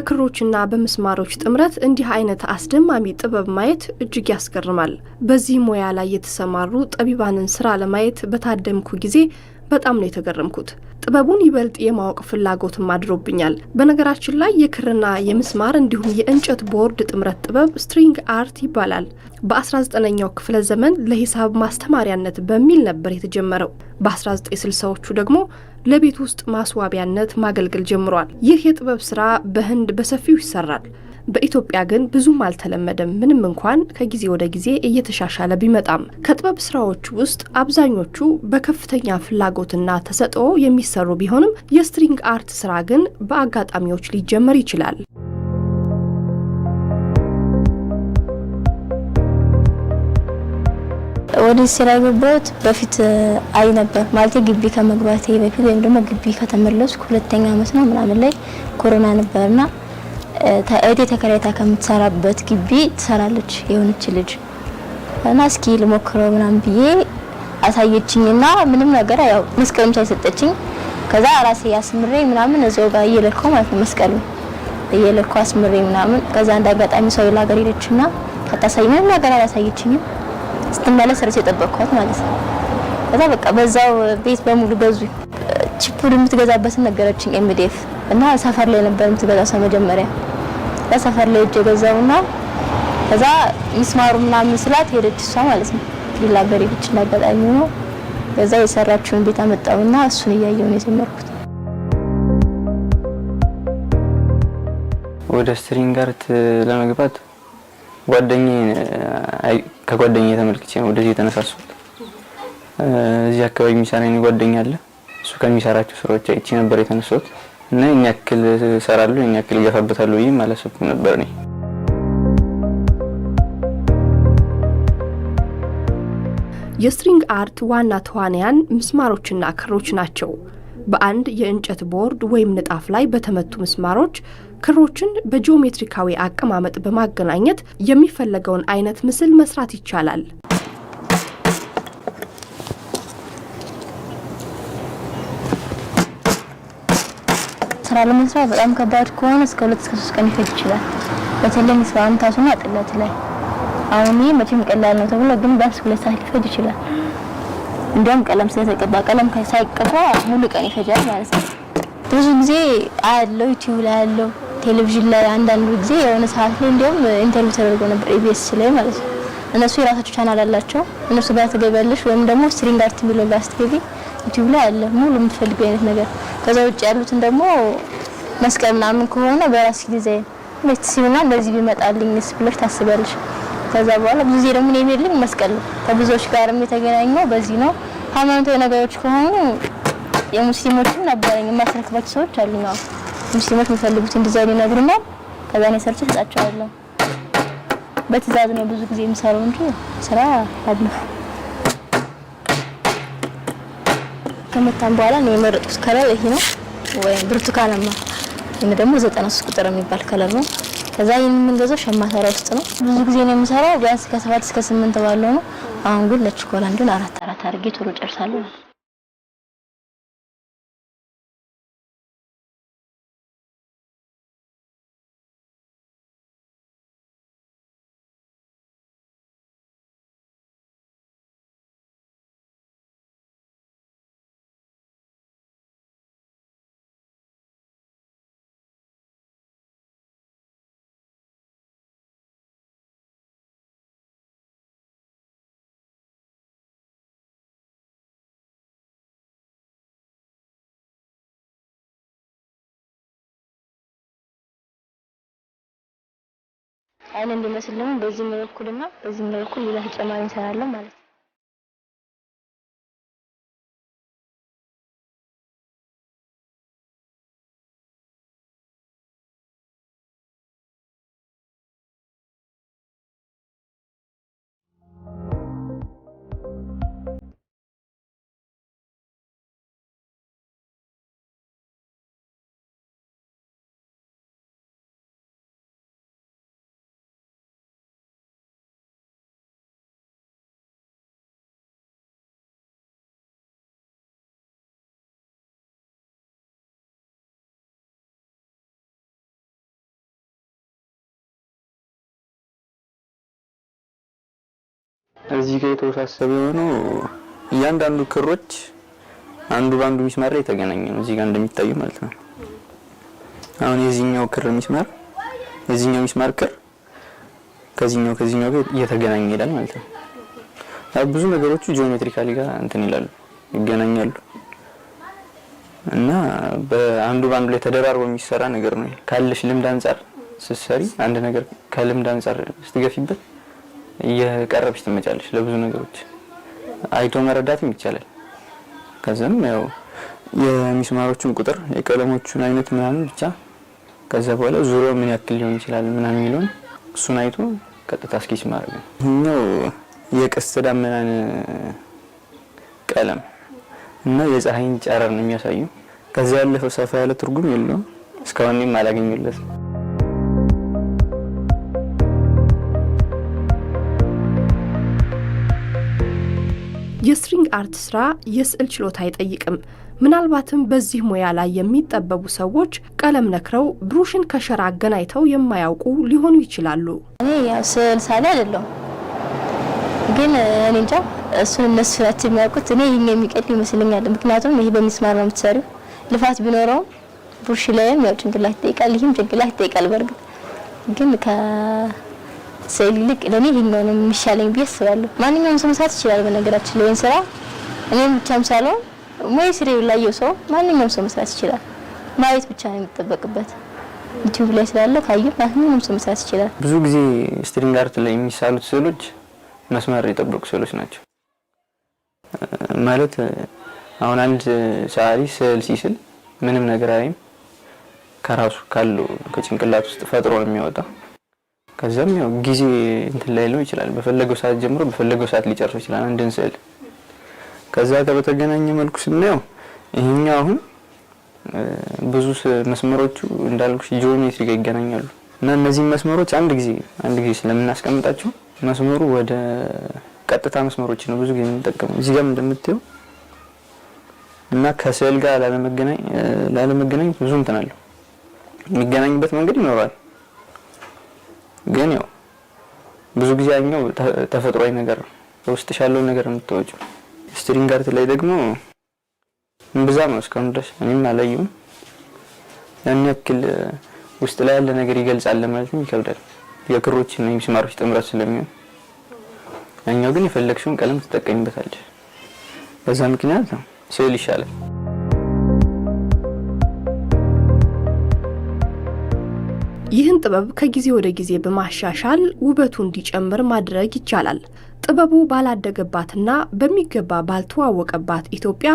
በክሮችና በምስማሮች ጥምረት እንዲህ አይነት አስደማሚ ጥበብ ማየት እጅግ ያስገርማል። በዚህ ሙያ ላይ የተሰማሩ ጠቢባንን ስራ ለማየት በታደምኩ ጊዜ በጣም ነው የተገረምኩት። ጥበቡን ይበልጥ የማወቅ ፍላጎትም አድሮብኛል። በነገራችን ላይ የክርና የምስማር እንዲሁም የእንጨት ቦርድ ጥምረት ጥበብ ስትሪንግ አርት ይባላል። በ19ኛው ክፍለ ዘመን ለሂሳብ ማስተማሪያነት በሚል ነበር የተጀመረው። በ1960ዎቹ ደግሞ ለቤት ውስጥ ማስዋቢያነት ማገልገል ጀምሯል። ይህ የጥበብ ስራ በህንድ በሰፊው ይሰራል። በኢትዮጵያ ግን ብዙም አልተለመደም፣ ምንም እንኳን ከጊዜ ወደ ጊዜ እየተሻሻለ ቢመጣም። ከጥበብ ስራዎቹ ውስጥ አብዛኞቹ በከፍተኛ ፍላጎትና ተሰጥኦ የሚሰሩ ቢሆንም የስትሪንግ አርት ስራ ግን በአጋጣሚዎች ሊጀመር ይችላል። ወደ ስራ የገባሁት በፊት አይ ነበር ማለት ግቢ ከመግባቴ በፊት ወይም ደግሞ ግቢ ከተመለስኩ ሁለተኛ አመት ነው ምናምን ላይ ኮሮና ነበርና እህቴ ተከራይታ ከምትሰራበት ግቢ ትሰራለች የሆነች ልጅ እና እስኪ ልሞክረው ምናምን ብዬ አሳየችኝና ምንም ነገር ያው መስቀሉም ሳይሰጠችኝ ከዛ ራሴ አስምሬ ምናምን እዛው ጋር እየለልኩ ማለት ነው መስቀሉ እየለልኩ አስምሬ ምናምን ከዛ እንደ አጋጣሚ ሰው ሌላ ሀገር ሄደችና አታሳይ ምንም ነገር አላሳየችኝም። ስትመለስ ረስ የጠበቅኳት ማለት ነው። ከዛ በቃ በዛው ቤት በሙሉ በዙ ቺፑድ የምትገዛበትን ነገረችኝ ኤምዲኤፍ እና ሰፈር ላይ ነበር የምትገዛው ሰው መጀመሪያ በሰፈር ላይ እጅ የገዛውና ከዛ ይስማሩ ምናምን ስላት ሄደች እሷ ማለት ነው። ሌላ በሬ ብቻ አጋጣሚ ነው። ከዛ የሰራችውን ቤት አመጣውና እሱን እያየሁ ነው የጀመርኩት። ወደ ስትሪንግ አርት ለመግባት ጓደኛዬ ከጓደኛዬ ተመልክቼ ነው ወደዚህ የተነሳሱት። እዚህ አካባቢ የሚሰራ ጓደኛ አለ። እሱ ከሚሰራቸው ስራዎች አይቼ ነበር የተነሳሁት። እና እኛ ክል እሰራለሁ እኛ ያክል እገፋበታለሁ ብዬ አላሰብኩም ነበር እኔ። የስትሪንግ አርት ዋና ተዋናያን ምስማሮችና ክሮች ናቸው። በአንድ የእንጨት ቦርድ ወይም ንጣፍ ላይ በተመቱ ምስማሮች ክሮችን በጂኦሜትሪካዊ አቀማመጥ በማገናኘት የሚፈለገውን አይነት ምስል መስራት ይቻላል። ስራ ለመስራት በጣም ከባድ ከሆነ እስከ ሁለት እስከ ሶስት ቀን ይፈጅ ይችላል። ስራን ስፋንታሱና ጥለት ላይ አሁን ይሄ መቼም ቀላል ነው ተብሎ ግን ቢያንስ ሁለት ሰዓት ሊፈጅ ይችላል። እንዲያውም ቀለም ስለተቀባ ቀለም ሳይቀባ ሙሉ ቀን ይፈጃል ማለት ነው። ብዙ ጊዜ አያለው፣ ዩቲዩብ ላይ አያለው፣ ቴሌቪዥን ላይ አንዳንዱ ጊዜ የሆነ ሰዓት ላይ እንዲያውም ኢንተርቪው ተደርጎ ነበር ኢቢኤስ ላይ ማለት ነው። እነሱ የራሳቸው ቻናል አላቸው። እነሱ ጋር ትገቢያለሽ ወይም ደግሞ ስትሪንግ አርት የሚለውን ጋር ስትገቢ ዩቲዩብ ላይ አለ ሙሉ የምትፈልገው አይነት ነገር ከዛ ውጭ ያሉትን ደግሞ መስቀል ምናምን ከሆነ በራስ ጊዜ ቤት ሲሉና እንደዚህ ቢመጣልኝስ ብለሽ ታስበልሽ። ከዛ በኋላ ብዙ ጊዜ ደግሞ እኔ የሚልኝ መስቀል ከብዙዎች ጋርም የተገናኘው በዚህ ነው። ሃይማኖታዊ ነገሮች ከሆኑ የሙስሊሞችም ነበረኝ የማስረክባቸው ሰዎች አሉኝ። ሙስሊሞች የሚፈልጉትን ዲዛይን ይነግሩናል። ከዛ ነው ሰርቼ እሰጣቸዋለሁ። በትዕዛዝ ነው ብዙ ጊዜ የሚሰራው እንጂ ስራ አለ። ከመታን በኋላ ነው የመረጡት ከለር ይሄ ነው ወይ ብርቱካናማ። ይሄ ደግሞ 93 ቁጥር የሚባል ከለር ነው። ከዛ ይሄን የምንገዛው ሸማ ውስጥ ነው። ብዙ ጊዜ ነው የምሰራው ቢያንስ ከ7 እስከ 8 ባለው ነው። አሁን ግን ለችኮላ እንዲሁን አራት አራት አድርጌ ቶሎ ጨርሳለሁ። አይን እንዲመስል ደግሞ በዚህ መልኩ ደግሞ በዚህ መልኩ ሌላ ተጨማሪ እንሰራለን ማለት ነው። እዚህ ጋር የተወሳሰበ የሆነው እያንዳንዱ ክሮች አንዱ በአንዱ ሚስማር ላይ የተገናኘ ነው። እዚህ ጋር እንደሚታዩ ማለት ነው። አሁን የዚህኛው ክር ሚስማር የዚህኛው ሚስማር ክር ከዚህኛው ከዚህኛው ጋር እየተገናኘ ይሄዳል ማለት ነው። ብዙ ነገሮቹ ጂኦሜትሪካሊ ጋር እንትን ይላሉ፣ ይገናኛሉ እና በአንዱ በአንዱ ላይ ተደራርቦ የሚሰራ ነገር ነው። ካለሽ ልምድ አንጻር ስትሰሪ አንድ ነገር ከልምድ አንጻር ስትገፊበት እየቀረብሽ ትመጫለሽ ለብዙ ነገሮች አይቶ መረዳትም ይቻላል። ከዛም ያው የሚስማሮቹን ቁጥር የቀለሞቹን አይነት ምናምን ብቻ ከዛ በኋላ ዙሮ ምን ያክል ሊሆን ይችላል ምናምን የሚለውን እሱን አይቶ ቀጥታ እስኪች ማድረግ ነው። ይህኛው የቀስተ ደመናን ቀለም እና የፀሐይን ጨረር ነው የሚያሳዩ። ከዚያ ያለፈው ሰፋ ያለ ትርጉም የለውም። እስካሁንም አላገኘለትም። የስትሪንግ አርት ስራ የስዕል ችሎታ አይጠይቅም። ምናልባትም በዚህ ሙያ ላይ የሚጠበቡ ሰዎች ቀለም ነክረው ብሩሽን ከሸራ አገናኝተው የማያውቁ ሊሆኑ ይችላሉ። እኔ ያው ስዕል ሳሌ አይደለሁም፣ ግን እኔ እንጃ እሱን እነሱ ናቸው የሚያውቁት። እኔ ይህ የሚቀል ይመስለኛል። ምክንያቱም ይህ በሚስማር ነው የምትሰሪው። ልፋት ቢኖረውም ብሩሽ ላይም ያው ጭንቅላት ይጠይቃል፣ ይህም ጭንቅላት ይጠይቃል። በእርግጥ ግን ስዕል ይልቅ ለእኔ ይሄኛው ነው የሚሻለኝ ብዬ አስባለሁ። ማንኛውም ሰው መስራት ይችላል። በነገራችን ላይ ይሄን ስራ እኔም ብቻም ሳልሆን ሞይ ስሬ ላየው ሰው ማንኛውም ሰው መስራት ይችላል። ማየት ብቻ ነው የሚጠበቅበት። ዩቲዩብ ላይ ስላለ ካየ ማንኛውም ሰው መስራት ይችላል። ብዙ ጊዜ ስትሪንግ አርት ላይ የሚሳሉት ስዕሎች መስመር የጠበቁ ስዕሎች ናቸው። ማለት አሁን አንድ ሰዓሊ ስዕል ሲስል ምንም ነገር አይም ከራሱ ካለው ከጭንቅላት ውስጥ ፈጥሮ ነው የሚወጣው። ከዚም ያው ጊዜ እንትን ላይ ነው ይችላል። በፈለገው ሰዓት ጀምሮ በፈለገው ሰዓት ሊጨርሰው ይችላል አንድን ስዕል። ከዛ ጋር በተገናኘ መልኩ ስናየው ይሄኛው አሁን ብዙ መስመሮቹ እንዳልኩሽ ጂኦሜትሪ ጋር ይገናኛሉ እና እነዚህ መስመሮች አንድ ጊዜ አንድ ጊዜ ስለምናስቀምጣቸው መስመሩ ወደ ቀጥታ መስመሮች ነው ብዙ ጊዜ የምንጠቀመው። እዚህ ጋር እንደምታየው እና ከስዕል ጋር ላለመገናኝ ላለመገናኝ ብዙ እንትን አለው የሚገናኝበት መንገድ ይኖራል። ግን ያው ብዙ ጊዜ ያኛው ተፈጥሯዊ ነገር ነው። በውስጥሽ ያለው ነገር የምታወጪው። ስትሪንግ አርት ላይ ደግሞ እምብዛም ነው እስካሁን ድረስ እኔም አላየሁም። ያን ያክል ውስጥ ላይ ያለ ነገር ይገልጻል ለማለትም ይከብዳል። የክሮች እና የሚስማሮች ጥምረት ስለሚሆን ያኛው ግን የፈለግሽውን ቀለም ትጠቀሚበታለች። በዛ ምክንያት ነው ስዕል ይሻላል። ይህን ጥበብ ከጊዜ ወደ ጊዜ በማሻሻል ውበቱ እንዲጨምር ማድረግ ይቻላል። ጥበቡ ባላደገባትና በሚገባ ባልተዋወቀባት ኢትዮጵያ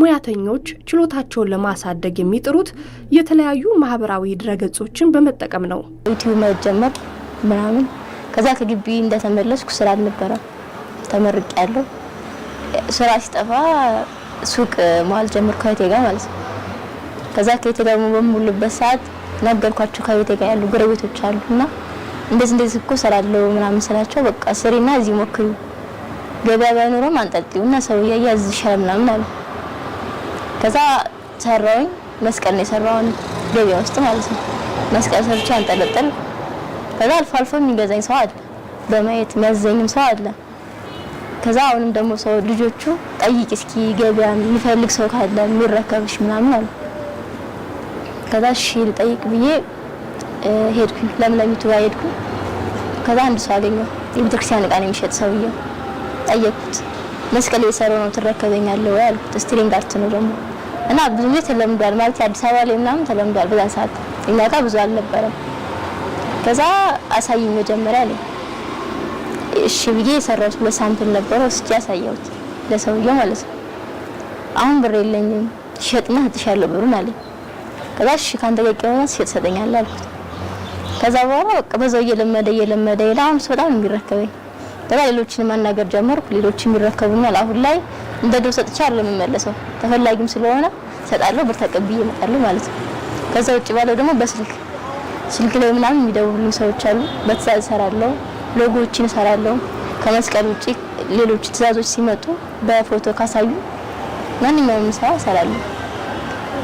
ሙያተኞች ችሎታቸውን ለማሳደግ የሚጥሩት የተለያዩ ማህበራዊ ድረገጾችን በመጠቀም ነው። ዩቲዩብ መጀመር ምናምን ከዛ ከግቢ እንደተመለስኩ ስራ አልነበረ ተመርቅ ያለው ስራ ሲጠፋ ሱቅ መዋል ጀምር ከቴ ጋር ማለት ነው። ከዛ ከቴ ደግሞ በሙሉበት ሰዓት ነገርኳቸው። ከቤት ጋር ያሉ ጎረቤቶች አሉ እና እንደዚህ እንደዚህ እኮ ሰራለው ምናምን ስላቸው በቃ ስሪና እዚህ ሞክሪው ገበያ ባይኖረም አንጠልጥዩ እና ሰው እያያ ምናምን አሉ። ከዛ ሰራውኝ መስቀል ነው የሰራውን ገበያ ውስጥ ማለት ነው። መስቀል ሰርቼ አንጠለጠል። ከዛ አልፎ አልፎ የሚገዛኝ ሰው አለ፣ በማየት የሚያዘኝም ሰው አለ። ከዛ አሁንም ደግሞ ሰው ልጆቹ ጠይቂ እስኪ ገበያ የሚፈልግ ሰው ካለ የሚረከብሽ ምናምን አሉ። ከዛ እሺ ልጠይቅ ብዬ ሄድኩኝ። ለምለሚቱ ጋር ሄድኩ። ከዛ አንድ ሰው አገኘው። የቤተክርስቲያን እቃ ነው የሚሸጥ ሰውዬው። ጠየቅኩት። መስቀል የሰራው ነው ትረከበኛለህ ወይ አልኩት። ደግሞ እና ብዙ ጊዜ ተለምዷል ማለት አዲስ አበባ ላይ ምናምን ተለምዷል። በዛን ሰዓት እኛ ጋር ብዙ አልነበረም። ከዛ አሳይኝ መጀመሪያ ላይ እሺ ብዬ የሰራሁት ሁለት ሳምፕል ነበረ ወስጄ አሳየሁት ማለት ነው። አሁን ብር የለኝም ሸጥና ትሻለው ብሩን አለኝ። ከዛ እሺ ካንተ ጋር ቀመስ ትሰጠኛለህ አልኩት። ከዛ በኋላ በቃ በዛው እየለመደ እየለመደ ይላል። በጣም የሚረከበኝ ከዛ ሌሎችን ማናገር ጀመርኩ። ሌሎች የሚረከቡኛል። አሁን ላይ እንደ ድሮ ሰጥቼ አይደለም የምመለሰው፣ ተፈላጊም ስለሆነ ሰጣለሁ፣ ብር ተቀብዬ እመጣለሁ ማለት ነው። ከዛ ውጭ ባለው ደግሞ በስልክ ስልክ ላይ ምናምን የሚደውሉኝ ሰዎች አሉ። በትእዛዝ እሰራለሁ፣ ሎጎዎችን እሰራለሁ። ከመስቀል ውጭ ሌሎች ትእዛዞች ሲመጡ በፎቶ ካሳዩ ማንኛውም ስራ እሰራለሁ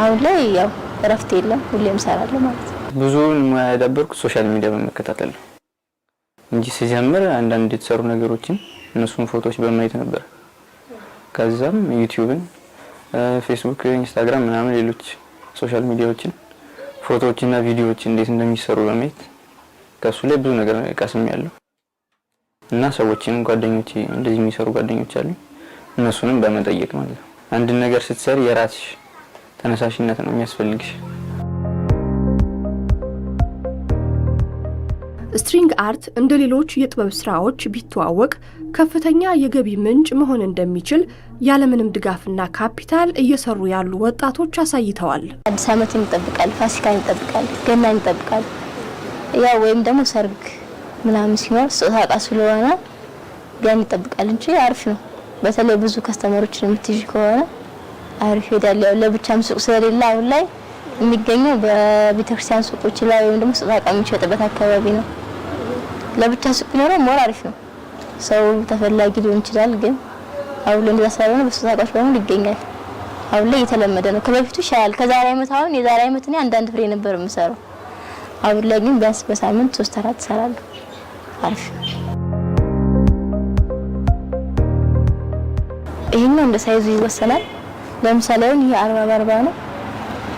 አሁን ላይ ያው እረፍት የለም። ሁሌም ሰራለሁ ማለት ነው። ብዙውን ሙያ ያዳበርኩት ሶሻል ሚዲያ በመከታተል ነው እንጂ ሲጀምር አንዳንድ የተሰሩ ነገሮችን እነሱን ፎቶዎች በማየት ነበር። ከዛም ዩቲዩብን፣ ፌስቡክ፣ ኢንስታግራም ምናምን ሌሎች ሶሻል ሚዲያዎችን ፎቶዎችና ቪዲዮዎች እንዴት እንደሚሰሩ በማየት ከሱ ላይ ብዙ ነገር ቀስም ያለው እና ሰዎችን ጓደኞቼ እንደዚህ የሚሰሩ ጓደኞች አሉ እነሱንም በመጠየቅ ማለት ነው። አንድን ነገር ስትሰሪ የራስሽ ተነሳሽነት ነው የሚያስፈልግሽ። ስትሪንግ አርት እንደ ሌሎች የጥበብ ስራዎች ቢተዋወቅ ከፍተኛ የገቢ ምንጭ መሆን እንደሚችል ያለምንም ድጋፍና ካፒታል እየሰሩ ያሉ ወጣቶች አሳይተዋል። አዲስ ዓመትን ይጠብቃል፣ ፋሲካን ይጠብቃል፣ ገናን ይጠብቃል። ያው ወይም ደግሞ ሰርግ ምናምን ሲኖር ስጦታ ስለሆነ ያን ይጠብቃል እንጂ አሪፍ ነው። በተለይ ብዙ ከስተመሮችን የምትይዥ ከሆነ አሪፍ ሄዳል። ያው ለብቻም ሱቅ ስለሌለ አሁን ላይ የሚገኘው በቤተክርስቲያን ሱቆች ላይ ወይም ደግሞ ሱቅ አቃሚ የሚሸጥበት አካባቢ ነው። ለብቻ ሱቅ ቢኖረው ሞር አሪፍ ነው። ሰው ተፈላጊ ሊሆን ይችላል፣ ግን አሁን ላይ እንደዛ ስላልሆነ በሱቅ አቃዎች በሙሉ ይገኛል። አሁን ላይ እየተለመደ ነው። ከበፊቱ ይሻላል። ከዛሬ አመት አሁን የዛሬ አመት እኔ አንዳንድ ፍሬ ነበር የምሰራው። አሁን ላይ ግን ቢያንስ በሳምንት ሶስት አራት እሰራለሁ። አሪፍ ይሄኛው እንደ ሳይዙ ይወሰናል። ለምሳሌ አሁን ይሄ አርባ 40 ነው።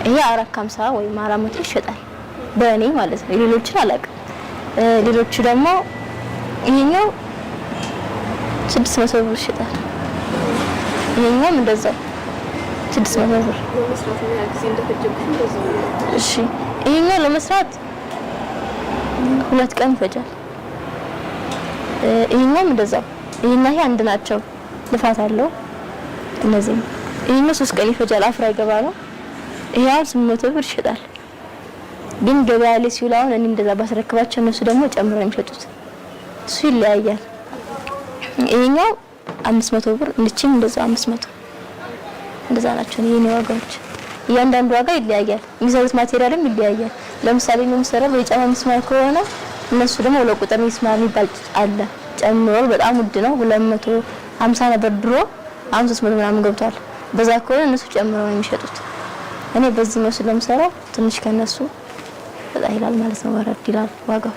ይሄ አራት ከሀምሳ ወይም አራት መቶ ይሸጣል በእኔ ማለት ነው። ሌሎችን አላውቅም። ሌሎቹ ደግሞ ይሄኛው 600 ብር ይሸጣል። ይሄኛውም እንደዛው 600 ብር። እሺ ይሄኛው ለመስራት ሁለት ቀን ይፈጃል። ይሄኛውም እንደዛው። ይሄና ይሄ አንድ ናቸው። ልፋት አለው እነዚህ ይሄኛው ሶስት ቀን ይፈጃል። አፍራ ይገባ ነው። ይሄ አሁን ስምንት መቶ ብር ይሸጣል። ግን ገበያ ላይ ሲውል አሁን እኔ እንደዛ ባስረክባቸው እነሱ ደግሞ ጨምረው የሚሸጡት እሱ ይለያያል። ይሄኛው አምስት መቶ ብር እንቺም እንደዛ አምስት መቶ እንደዛ ናቸው። ይሄን ዋጋዎች እያንዳንዱ ዋጋ ይለያያል። የሚሰሩት ማቴሪያልም ይለያያል። ለምሳሌ የምሰራው የጫማ ሚስማር ከሆነ እነሱ ደግሞ ሁለት ቁጥር ሚስማር የሚባል አለ ጨምሮ በጣም ውድ ነው። ሁለት መቶ ሀምሳ ነበር ድሮ አሁን ሶስት መቶ ምናምን ገብቷል። በዛ ከሆነ እነሱ ጨምረው ነው የሚሸጡት። እኔ ነው ስለምሰራው ትንሽ ከነሱ በጣ ይላል ማለት ነው፣ ወረድ ይላል ዋጋው።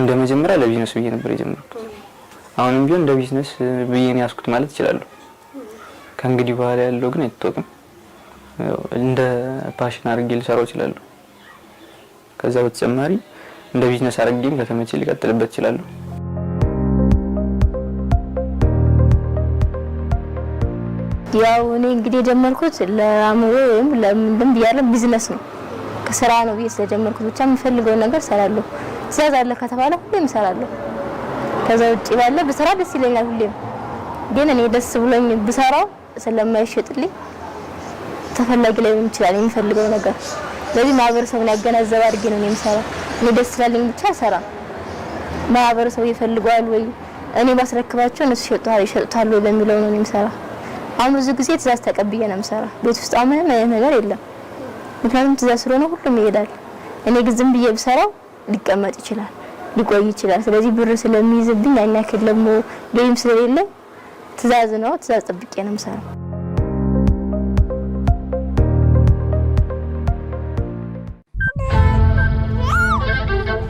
እንደ መጀመሪያ ለቢዝነስ ብዬ ነበር የጀመርኩት። አሁንም ቢሆን እንደ ቢዝነስ ብዬን ያስኩት ማለት እችላለሁ። ከእንግዲህ በኋላ ያለው ግን አይታወቅም። እንደ ፓሽን አድርጌ ልሰራው እችላለሁ። ከዛ በተጨማሪ እንደ ቢዝነስ አድርጌም ከተመቼ ሊቀጥልበት እችላለሁ። ያው እኔ እንግዲህ የጀመርኩት ለአእምሮ ወይም ለምንድን ብያለሁ ቢዝነስ ነው ከስራ ነው ብዬ ስለጀመርኩት ብቻ የምፈልገውን ነገር እሰራለሁ። ትእዛዝ አለ ከተባለ ሁሌም እሰራለሁ። ከዛ ውጪ ባለ ብሰራ ደስ ይለኛል። ሁሌም ግን እኔ ደስ ብሎኝ ብሰራው ስለማይሸጥልኝ ተፈላጊ ላይ ሆን ይችላል የሚፈልገው ነገር ስለዚህ ማህበረሰቡን ያገናዘበ አድርጌ ነው የምሰራው። እኔ ደስ ስላለኝ ብቻ ሰራ ማህበረሰቡ ይፈልገዋል ወይ እኔ ባስረክባቸው እነሱ ይሸጡታል ይሸጡታል ወይ በሚለው ነው የምሰራው። አሁን ብዙ ጊዜ ትእዛዝ ተቀብዬ ነው የምሰራ። ቤት ውስጥ አሁን ምንም አይነት ነገር የለም፣ ምክንያቱም ትእዛዝ ስለሆነ ሁሉም ይሄዳል። እኔ ግን ዝም ብዬ ብሰራው ሊቀመጥ ይችላል፣ ሊቆይ ይችላል። ስለዚህ ብር ስለሚይዝብኝ ያን ያክል ደግሞ ገቢም ስለሌለ ትእዛዝ ነው፣ ትእዛዝ ጠብቄ ነው የምሰራው።